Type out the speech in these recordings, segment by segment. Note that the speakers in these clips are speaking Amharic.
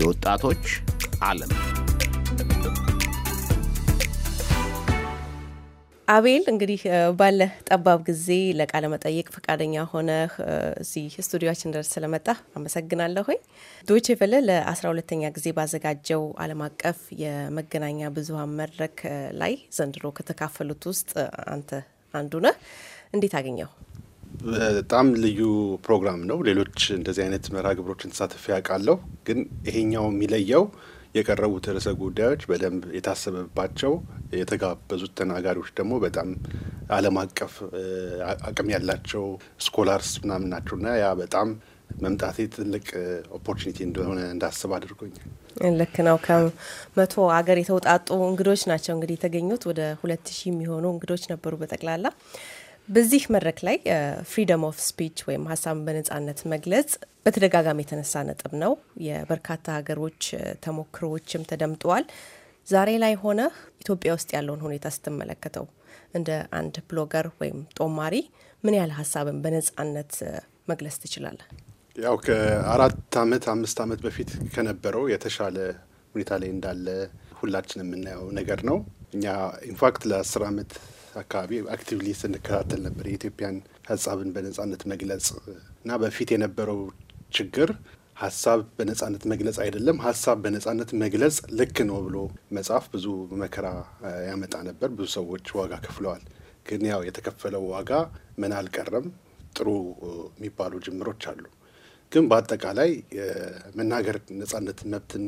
የወጣቶች ዓለም አቤል እንግዲህ ባለ ጠባብ ጊዜ ለቃለ መጠየቅ ፈቃደኛ ሆነ እዚህ ስቱዲዮችን ድረስ ስለመጣ አመሰግናለሁ። ሆይ ቨለ ለአስራ ሁለተኛ ጊዜ ባዘጋጀው ዓለም አቀፍ የመገናኛ ብዙሀን መድረክ ላይ ዘንድሮ ከተካፈሉት ውስጥ አንተ አንዱ ነህ። እንዴት አገኘው? በጣም ልዩ ፕሮግራም ነው። ሌሎች እንደዚህ አይነት መርሃ ግብሮችን ተሳትፌ ያውቃለሁ። ግን ይሄኛው የሚለየው የቀረቡት ርዕሰ ጉዳዮች በደንብ የታሰበባቸው፣ የተጋበዙት ተናጋሪዎች ደግሞ በጣም ዓለም አቀፍ አቅም ያላቸው ስኮላርስ ምናምን ናቸውና ያ በጣም መምጣቴ ትልቅ ኦፖርቹኒቲ እንደሆነ እንዳስብ አድርጎኛል። ልክ ነው። ከመቶ ሀገር የተውጣጡ እንግዶች ናቸው እንግዲህ የተገኙት። ወደ ሁለት ሺህ የሚሆኑ እንግዶች ነበሩ በጠቅላላ በዚህ መድረክ ላይ ፍሪደም ኦፍ ስፒች ወይም ሀሳብን በነጻነት መግለጽ በተደጋጋሚ የተነሳ ነጥብ ነው። የበርካታ ሀገሮች ተሞክሮዎችም ተደምጠዋል። ዛሬ ላይ ሆነ ኢትዮጵያ ውስጥ ያለውን ሁኔታ ስትመለከተው እንደ አንድ ብሎገር ወይም ጦማሪ ምን ያህል ሀሳብን በነጻነት መግለጽ ትችላለህ? ያው ከአራት አመት አምስት አመት በፊት ከነበረው የተሻለ ሁኔታ ላይ እንዳለ ሁላችን የምናየው ነገር ነው። እኛ ኢንፋክት ለአስር አመት አካባቢ አክቲቭሊ ስንከታተል ነበር። የኢትዮጵያን ሀሳብን በነጻነት መግለጽ እና በፊት የነበረው ችግር ሀሳብ በነጻነት መግለጽ አይደለም፣ ሀሳብ በነጻነት መግለጽ ልክ ነው ብሎ መጽሐፍ ብዙ መከራ ያመጣ ነበር። ብዙ ሰዎች ዋጋ ከፍለዋል። ግን ያው የተከፈለው ዋጋ ምን አልቀረም። ጥሩ የሚባሉ ጅምሮች አሉ። ግን በአጠቃላይ መናገር ነጻነት መብትን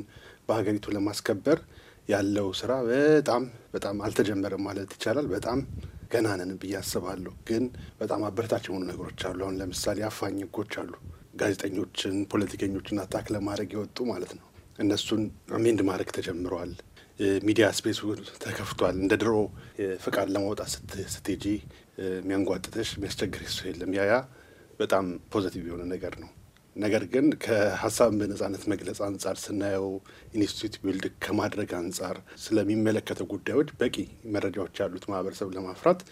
በሀገሪቱ ለማስከበር ያለው ስራ በጣም በጣም አልተጀመረም ማለት ይቻላል። በጣም ገና ነን ብዬ አስባለሁ። ግን በጣም አበረታች የሆኑ ነገሮች አሉ። አሁን ለምሳሌ አፋኝ ህጎች አሉ። ጋዜጠኞችን፣ ፖለቲከኞችን አታክ ለማድረግ የወጡ ማለት ነው። እነሱን አሜንድ ማድረግ ተጀምረዋል። ሚዲያ ስፔሱ ተከፍቷል። እንደ ድሮ ፍቃድ ለማውጣት ስትጂ የሚያንጓጥተሽ የሚያስቸግር ሰው የለም። ያያ በጣም ፖዘቲቭ የሆነ ነገር ነው። ነገር ግን ከሀሳብን በነጻነት መግለጽ አንጻር ስናየው ኢንስቲትዩት ቢልድ ከማድረግ አንጻር ስለሚመለከተው ጉዳዮች በቂ መረጃዎች ያሉት ማህበረሰብ ለማፍራት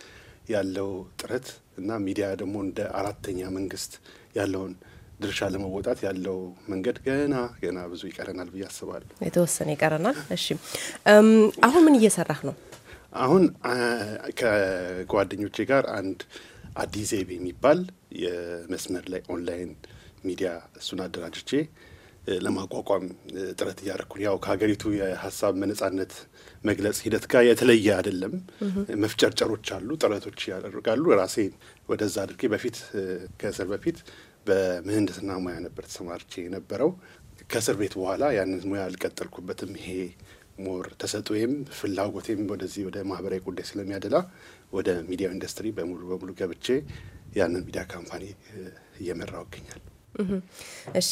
ያለው ጥረት እና ሚዲያ ደግሞ እንደ አራተኛ መንግስት ያለውን ድርሻ ለመወጣት ያለው መንገድ ገና ገና ብዙ ይቀረናል ብዬ አስባለሁ። የተወሰነ ይቀረናል። እሺ፣ አሁን ምን እየሰራህ ነው? አሁን ከጓደኞቼ ጋር አንድ አዲስ ዘይቤ የሚባል የመስመር ላይ ኦንላይን ሚዲያ እሱን አደራጅቼ ለማቋቋም ጥረት እያደረኩን ያው ከሀገሪቱ የሀሳብ መነጻነት መግለጽ ሂደት ጋር የተለየ አይደለም። መፍጨርጨሮች አሉ፣ ጥረቶች ያደርጋሉ። ራሴ ወደዛ አድርጌ በፊት ከእስር በፊት በምህንድስና ሙያ ነበር ተሰማርቼ የነበረው። ከእስር ቤት በኋላ ያንን ሙያ አልቀጠልኩበትም። ይሄ ሞር ተሰጥኦዬም ፍላጎቴም ወደዚህ ወደ ማህበራዊ ጉዳይ ስለሚያደላ ወደ ሚዲያው ኢንዱስትሪ በሙሉ በሙሉ ገብቼ ያንን ሚዲያ ካምፓኒ እየመራው ይገኛል። እሺ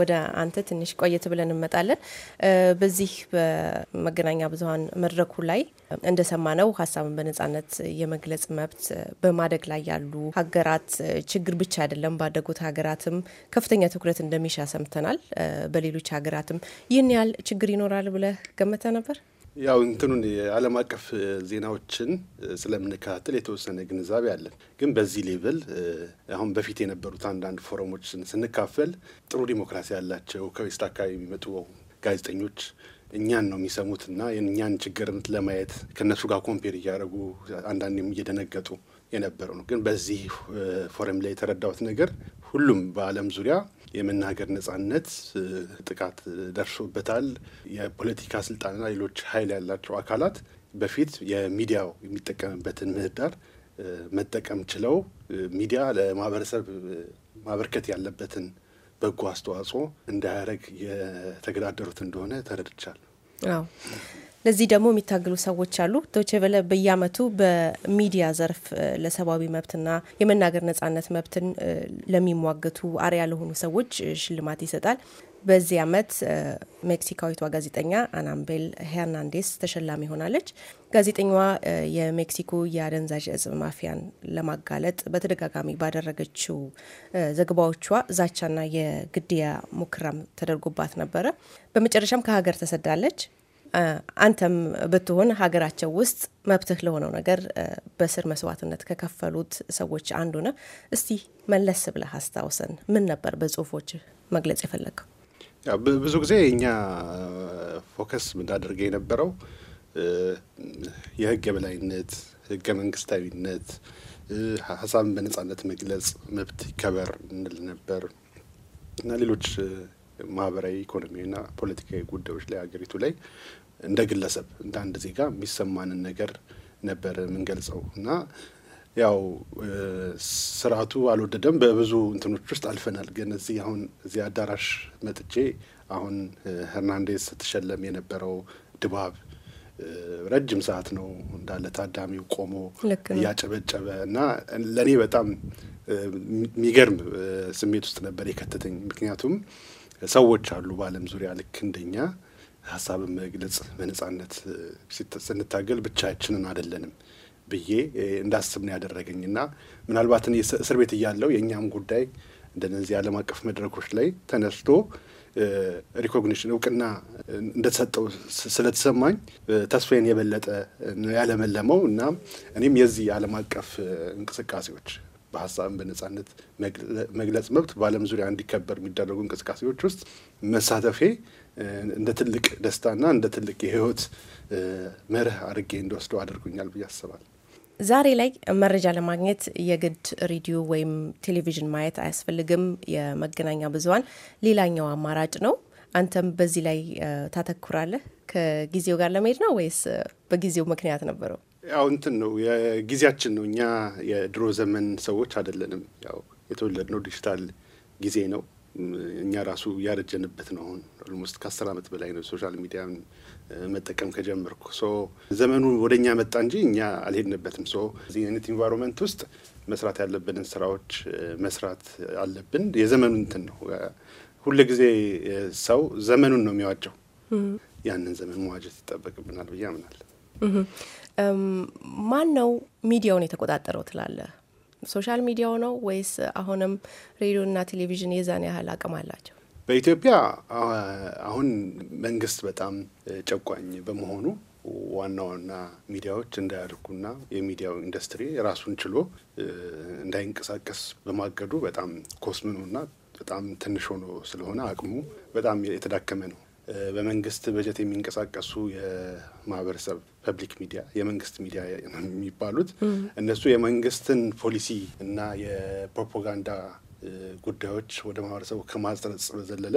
ወደ አንተ ትንሽ ቆየት ብለን እንመጣለን። በዚህ በመገናኛ ብዙሀን መድረኩ ላይ እንደሰማ ነው ሀሳብን በነጻነት የመግለጽ መብት በማደግ ላይ ያሉ ሀገራት ችግር ብቻ አይደለም፣ ባደጉት ሀገራትም ከፍተኛ ትኩረት እንደሚሻ ሰምተናል። በሌሎች ሀገራትም ይህን ያህል ችግር ይኖራል ብለህ ገመተ ነበር? ያው እንትኑን የዓለም አቀፍ ዜናዎችን ስለምንከታተል የተወሰነ ግንዛቤ አለን። ግን በዚህ ሌቭል አሁን በፊት የነበሩት አንዳንድ ፎረሞችን ስንካፈል ጥሩ ዲሞክራሲ ያላቸው ከዌስት አካባቢ የሚመጡ ጋዜጠኞች እኛን ነው የሚሰሙት እና የእኛን ችግርነት ለማየት ከእነሱ ጋር ኮምፔር እያደረጉ አንዳንዴም እየደነገጡ የነበረው ነው። ግን በዚህ ፎረም ላይ የተረዳሁት ነገር ሁሉም በዓለም ዙሪያ የመናገር ነጻነት ጥቃት ደርሶበታል። የፖለቲካ ስልጣንና ሌሎች ኃይል ያላቸው አካላት በፊት የሚዲያው የሚጠቀምበትን ምህዳር መጠቀም ችለው ሚዲያ ለማህበረሰብ ማበርከት ያለበትን በጎ አስተዋጽኦ እንዳያደረግ የተገዳደሩት እንደሆነ ተረድቻለሁ። ለዚህ ደግሞ የሚታገሉ ሰዎች አሉ። ዶቼ በየአመቱ በሚዲያ ዘርፍ ለሰብአዊ መብትና የመናገር ነጻነት መብትን ለሚሟገቱ አሪያ ለሆኑ ሰዎች ሽልማት ይሰጣል። በዚህ አመት ሜክሲካዊቷ ጋዜጠኛ አናምቤል ሄርናንዴስ ተሸላሚ ሆናለች። ጋዜጠኛዋ የሜክሲኮ የአደንዛዥ እጽ ማፊያን ለማጋለጥ በተደጋጋሚ ባደረገችው ዘገባዎቿ ዛቻና የግድያ ሙከራም ተደርጎባት ነበረ። በመጨረሻም ከሀገር ተሰዳለች። አንተም ብትሆን ሀገራቸው ውስጥ መብትህ ለሆነው ነገር በስር መስዋዕትነት ከከፈሉት ሰዎች አንዱ ነ እስቲ መለስ ብለህ አስታውሰን፣ ምን ነበር በጽሁፎች መግለጽ የፈለግከው? ብዙ ጊዜ እኛ ፎከስ ምናደርገ የነበረው የህግ የበላይነት፣ ህገ መንግስታዊነት፣ ሀሳብን በነጻነት መግለጽ መብት ይከበር እንል ነበር እና ሌሎች ማህበራዊ፣ ኢኮኖሚያዊና ፖለቲካዊ ጉዳዮች ላይ ሀገሪቱ ላይ እንደ ግለሰብ እንደ አንድ ዜጋ የሚሰማንን ነገር ነበር የምንገልጸው እና ያው ስርዓቱ አልወደደም። በብዙ እንትኖች ውስጥ አልፈናል። ግን እዚህ አሁን እዚህ አዳራሽ መጥቼ አሁን ሄርናንዴዝ ስትሸለም የነበረው ድባብ ረጅም ሰዓት ነው እንዳለ ታዳሚው ቆሞ እያጨበጨበ እና ለእኔ በጣም የሚገርም ስሜት ውስጥ ነበር የከተተኝ ምክንያቱም ሰዎች አሉ በዓለም ዙሪያ ልክ እንደኛ ሀሳብን መግለጽ በነጻነት ስንታገል ብቻችንን አይደለንም ብዬ እንዳስብ ነው ያደረገኝ እና ምናልባት እስር ቤት እያለው የእኛም ጉዳይ እንደነዚህ ዓለም አቀፍ መድረኮች ላይ ተነስቶ ሪኮግኒሽን እውቅና እንደተሰጠው ስለተሰማኝ ተስፋዬን የበለጠ ያለመለመው እና እኔም የዚህ ዓለም አቀፍ እንቅስቃሴዎች በሀሳብን በነጻነት መግለጽ መብት በዓለም ዙሪያ እንዲከበር የሚደረጉ እንቅስቃሴዎች ውስጥ መሳተፌ እንደ ትልቅ ደስታና እንደ ትልቅ የህይወት መርህ አድርጌ እንደወስደው አድርጎኛል ብዬ አስባል። ዛሬ ላይ መረጃ ለማግኘት የግድ ሬዲዮ ወይም ቴሌቪዥን ማየት አያስፈልግም። የመገናኛ ብዙሀን ሌላኛው አማራጭ ነው። አንተም በዚህ ላይ ታተኩራለህ ከጊዜው ጋር ለመሄድ ነው ወይስ በጊዜው ምክንያት ነበረው? ያው እንትን ነው የጊዜያችን ነው። እኛ የድሮ ዘመን ሰዎች አይደለንም። ያው የተወለድነው ዲጂታል ጊዜ ነው። እኛ ራሱ ያረጀንበት ነው። አሁን ኦልሞስት ከአስር ዓመት በላይ ነው ሶሻል ሚዲያን መጠቀም ከጀመርኩ። ሶ ዘመኑ ወደ እኛ መጣ እንጂ እኛ አልሄድንበትም። ሶ እዚህ አይነት ኢንቫይሮንመንት ውስጥ መስራት ያለብንን ስራዎች መስራት አለብን። የዘመኑ እንትን ነው። ሁሉ ጊዜ ሰው ዘመኑን ነው የሚዋጀው። ያንን ዘመን መዋጀት ይጠበቅብናል ብዬ አምናለሁ። ማን ነው ሚዲያውን የተቆጣጠረው ትላለህ? ሶሻል ሚዲያው ነው ወይስ አሁንም ና ቴሌቪዥን የዛን ያህል አቅም አላቸው? በኢትዮጵያ አሁን መንግስት በጣም ጨቋኝ በመሆኑ ዋና ዋና ሚዲያዎች እንዳያድጉና የሚዲያው ኢንዱስትሪ ራሱን ችሎ እንዳይንቀሳቀስ በማገዱ በጣም ኮስምኖና በጣም ትንሽ ሆኖ ስለሆነ አቅሙ በጣም የተዳከመ ነው። በመንግስት በጀት የሚንቀሳቀሱ የማህበረሰብ ፐብሊክ ሚዲያ የመንግስት ሚዲያ የሚባሉት እነሱ የመንግስትን ፖሊሲ እና የፕሮፓጋንዳ ጉዳዮች ወደ ማህበረሰቡ ከማስረጽ በዘለለ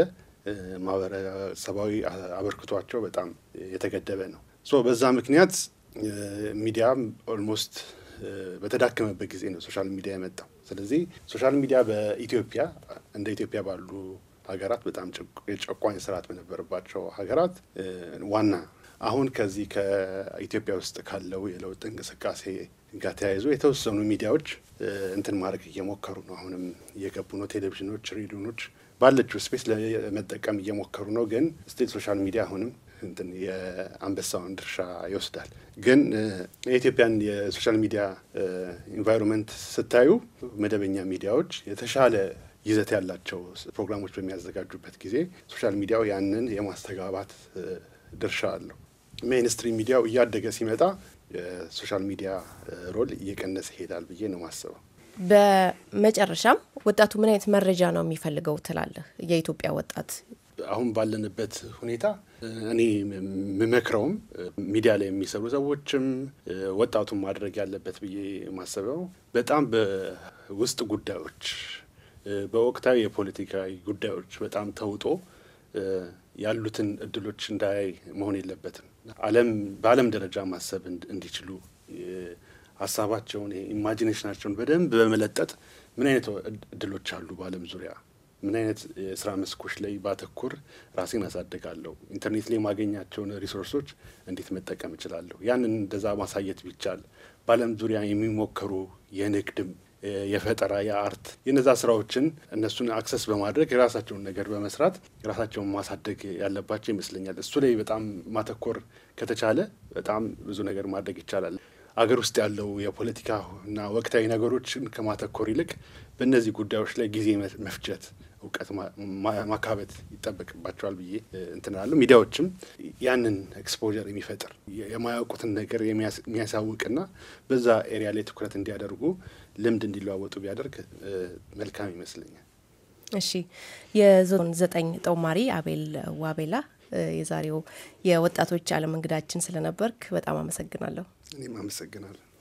ማህበረሰባዊ አበርክቷቸው በጣም የተገደበ ነው። ሶ በዛ ምክንያት ሚዲያ ኦልሞስት በተዳከመበት ጊዜ ነው ሶሻል ሚዲያ የመጣው። ስለዚህ ሶሻል ሚዲያ በኢትዮጵያ እንደ ኢትዮጵያ ባሉ ሀገራት በጣም የጨቋኝ ስርዓት በነበረባቸው ሀገራት ዋና አሁን ከዚህ ከኢትዮጵያ ውስጥ ካለው የለውጥ እንቅስቃሴ ጋር ተያይዞ የተወሰኑ ሚዲያዎች እንትን ማድረግ እየሞከሩ ነው። አሁንም እየገቡ ነው። ቴሌቪዥኖች፣ ሬዲዮኖች ባለችው ስፔስ ለመጠቀም እየሞከሩ ነው። ግን ስቲል ሶሻል ሚዲያ አሁንም እንትን የአንበሳውን ድርሻ ይወስዳል። ግን የኢትዮጵያን የሶሻል ሚዲያ ኢንቫይሮንመንት ስታዩ መደበኛ ሚዲያዎች የተሻለ ይዘት ያላቸው ፕሮግራሞች በሚያዘጋጁበት ጊዜ ሶሻል ሚዲያው ያንን የማስተጋባት ድርሻ አለው። ሜንስትሪም ሚዲያው እያደገ ሲመጣ የሶሻል ሚዲያ ሮል እየቀነሰ ይሄዳል ብዬ ነው ማስበው። በመጨረሻም ወጣቱ ምን አይነት መረጃ ነው የሚፈልገው ትላለህ? የኢትዮጵያ ወጣት አሁን ባለንበት ሁኔታ እኔ የምመክረውም ሚዲያ ላይ የሚሰሩ ሰዎችም ወጣቱን ማድረግ ያለበት ብዬ ማሰበው በጣም በውስጥ ጉዳዮች በወቅታዊ የፖለቲካዊ ጉዳዮች በጣም ተውጦ ያሉትን እድሎች እንዳያይ መሆን የለበትም። ዓለም በዓለም ደረጃ ማሰብ እንዲችሉ ሀሳባቸውን ኢማጂኔሽናቸውን በደንብ በመለጠጥ ምን አይነት እድሎች አሉ በዓለም ዙሪያ ምን አይነት የስራ መስኮች ላይ ባተኩር ራሴን አሳድጋለሁ፣ ኢንተርኔት ላይ የማገኛቸውን ሪሶርሶች እንዴት መጠቀም እችላለሁ፣ ያንን እንደዛ ማሳየት ቢቻል በዓለም ዙሪያ የሚሞከሩ የንግድም የፈጠራ የአርት የነዛ ስራዎችን እነሱን አክሰስ በማድረግ የራሳቸውን ነገር በመስራት የራሳቸውን ማሳደግ ያለባቸው ይመስለኛል። እሱ ላይ በጣም ማተኮር ከተቻለ በጣም ብዙ ነገር ማድረግ ይቻላል። አገር ውስጥ ያለው የፖለቲካ እና ወቅታዊ ነገሮችን ከማተኮር ይልቅ በእነዚህ ጉዳዮች ላይ ጊዜ መፍጀት እውቀት ማካበት ይጠበቅባቸዋል ብዬ እንትናለሁ። ሚዲያዎችም ያንን ኤክስፖዠር የሚፈጥር የማያውቁትን ነገር የሚያሳውቅና በዛ ኤሪያ ላይ ትኩረት እንዲያደርጉ ልምድ እንዲለዋወጡ ቢያደርግ መልካም ይመስለኛል። እሺ፣ የዞን ዘጠኝ ጦማሪ አቤል ዋቤላ የዛሬው የወጣቶች ዓለም እንግዳችን ስለነበርክ በጣም አመሰግናለሁ። እኔም አመሰግናለሁ።